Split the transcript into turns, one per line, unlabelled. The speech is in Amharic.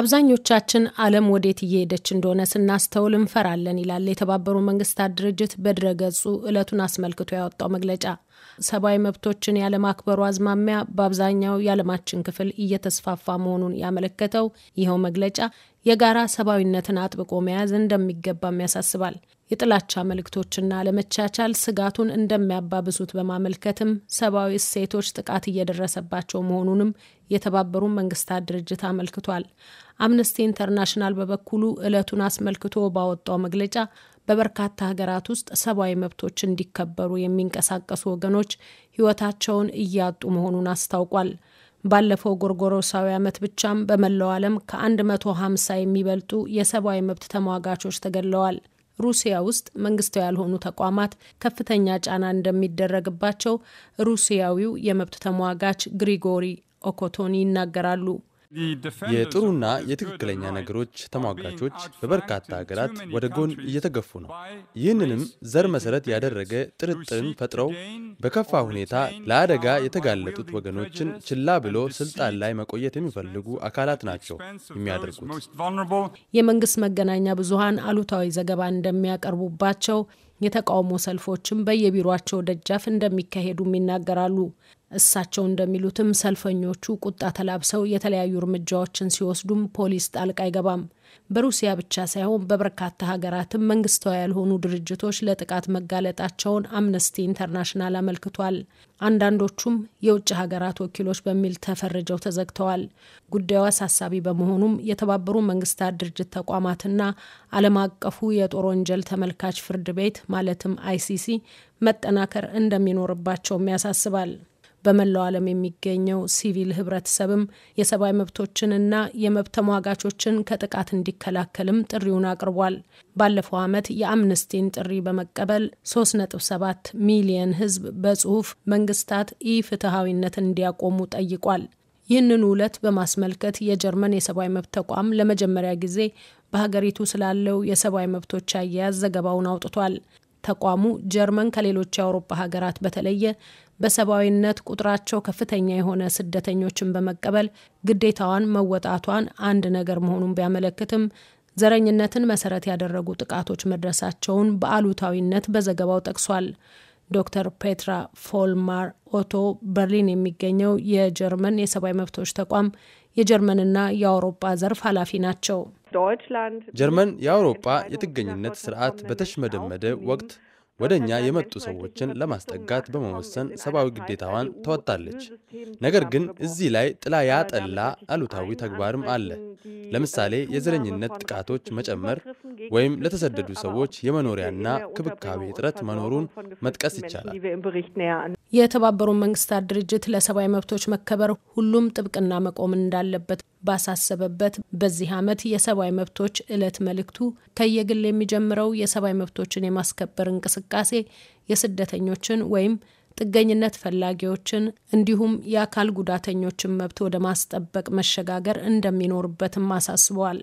አብዛኞቻችን ዓለም ወዴት እየሄደች እንደሆነ ስናስተውል እንፈራለን ይላል የተባበሩ መንግስታት ድርጅት በድረገጹ ዕለቱን አስመልክቶ ያወጣው መግለጫ። ሰብአዊ መብቶችን ያለማክበሩ አዝማሚያ በአብዛኛው የዓለማችን ክፍል እየተስፋፋ መሆኑን ያመለከተው ይኸው መግለጫ የጋራ ሰብአዊነትን አጥብቆ መያዝ እንደሚገባም ያሳስባል። የጥላቻ መልእክቶችና ለመቻቻል ስጋቱን እንደሚያባብሱት በማመልከትም ሰብአዊ እሴቶች ጥቃት እየደረሰባቸው መሆኑንም የተባበሩ መንግስታት ድርጅት አመልክቷል። አምነስቲ ኢንተርናሽናል በበኩሉ ዕለቱን አስመልክቶ ባወጣው መግለጫ በበርካታ ሀገራት ውስጥ ሰብአዊ መብቶች እንዲከበሩ የሚንቀሳቀሱ ወገኖች ህይወታቸውን እያጡ መሆኑን አስታውቋል። ባለፈው ጎርጎሮሳዊ ዓመት ብቻም በመላው ዓለም ከ150 የሚበልጡ የሰብአዊ መብት ተሟጋቾች ተገድለዋል። ሩሲያ ውስጥ መንግስታዊ ያልሆኑ ተቋማት ከፍተኛ ጫና እንደሚደረግባቸው ሩሲያዊው የመብት ተሟጋች ግሪጎሪ ኦኮቶኒ ይናገራሉ።
የጥሩና የትክክለኛ ነገሮች ተሟጋቾች በበርካታ ሀገራት ወደ ጎን እየተገፉ ነው። ይህንንም ዘር መሰረት ያደረገ ጥርጥርን ፈጥረው በከፋ ሁኔታ ለአደጋ የተጋለጡት ወገኖችን ችላ ብሎ ስልጣን ላይ መቆየት የሚፈልጉ አካላት ናቸው የሚያደርጉት።
የመንግስት መገናኛ ብዙሃን አሉታዊ ዘገባ እንደሚያቀርቡባቸው የተቃውሞ ሰልፎችም በየቢሮቸው ደጃፍ እንደሚካሄዱም ይናገራሉ። እሳቸው እንደሚሉትም ሰልፈኞቹ ቁጣ ተላብሰው የተለያዩ እርምጃዎችን ሲወስዱም ፖሊስ ጣልቃ አይገባም። በሩሲያ ብቻ ሳይሆን በበርካታ ሀገራትም መንግስታዊ ያልሆኑ ድርጅቶች ለጥቃት መጋለጣቸውን አምነስቲ ኢንተርናሽናል አመልክቷል። አንዳንዶቹም የውጭ ሀገራት ወኪሎች በሚል ተፈርጀው ተዘግተዋል። ጉዳዩ አሳሳቢ በመሆኑም የተባበሩ መንግስታት ድርጅት ተቋማትና ዓለም አቀፉ የጦር ወንጀል ተመልካች ፍርድ ቤት ማለትም አይሲሲ መጠናከር እንደሚኖርባቸውም ያሳስባል። በመላው ዓለም የሚገኘው ሲቪል ህብረተሰብም የሰብአዊ መብቶችንና የመብት ተሟጋቾችን ከጥቃት እንዲከላከልም ጥሪውን አቅርቧል። ባለፈው ዓመት የአምነስቲን ጥሪ በመቀበል 3.7 ሚሊየን ህዝብ በጽሁፍ መንግስታት ኢ ፍትሐዊነት እንዲያቆሙ ጠይቋል። ይህንን ውለት በማስመልከት የጀርመን የሰብአዊ መብት ተቋም ለመጀመሪያ ጊዜ በሀገሪቱ ስላለው የሰብአዊ መብቶች አያያዝ ዘገባውን አውጥቷል። ተቋሙ ጀርመን ከሌሎች የአውሮፓ ሀገራት በተለየ በሰብአዊነት ቁጥራቸው ከፍተኛ የሆነ ስደተኞችን በመቀበል ግዴታዋን መወጣቷን አንድ ነገር መሆኑን ቢያመለክትም ዘረኝነትን መሰረት ያደረጉ ጥቃቶች መድረሳቸውን በአሉታዊነት በዘገባው ጠቅሷል። ዶክተር ፔትራ ፎልማር ኦቶ በርሊን የሚገኘው የጀርመን የሰብአዊ መብቶች ተቋም የጀርመንና የአውሮፓ ዘርፍ ኃላፊ ናቸው።
ጀርመን የአውሮፓ የጥገኝነት ስርዓት በተሽመደመደ ወቅት ወደ እኛ የመጡ ሰዎችን ለማስጠጋት በመወሰን ሰብአዊ ግዴታዋን ተወጣለች። ነገር ግን እዚህ ላይ ጥላ ያጠላ አሉታዊ ተግባርም አለ። ለምሳሌ የዘረኝነት ጥቃቶች መጨመር ወይም ለተሰደዱ ሰዎች የመኖሪያና ክብካቤ እጥረት መኖሩን መጥቀስ ይቻላል።
የተባበሩት መንግስታት ድርጅት ለሰብአዊ መብቶች መከበር ሁሉም ጥብቅና መቆም እንዳለበት ባሳሰበበት በዚህ ዓመት የሰብአዊ መብቶች ዕለት መልእክቱ ከየግል የሚጀምረው የሰብአዊ መብቶችን የማስከበር እንቅስቃሴ የስደተኞችን ወይም ጥገኝነት ፈላጊዎችን እንዲሁም የአካል ጉዳተኞችን መብት ወደ ማስጠበቅ መሸጋገር እንደሚኖርበትም አሳስበዋል።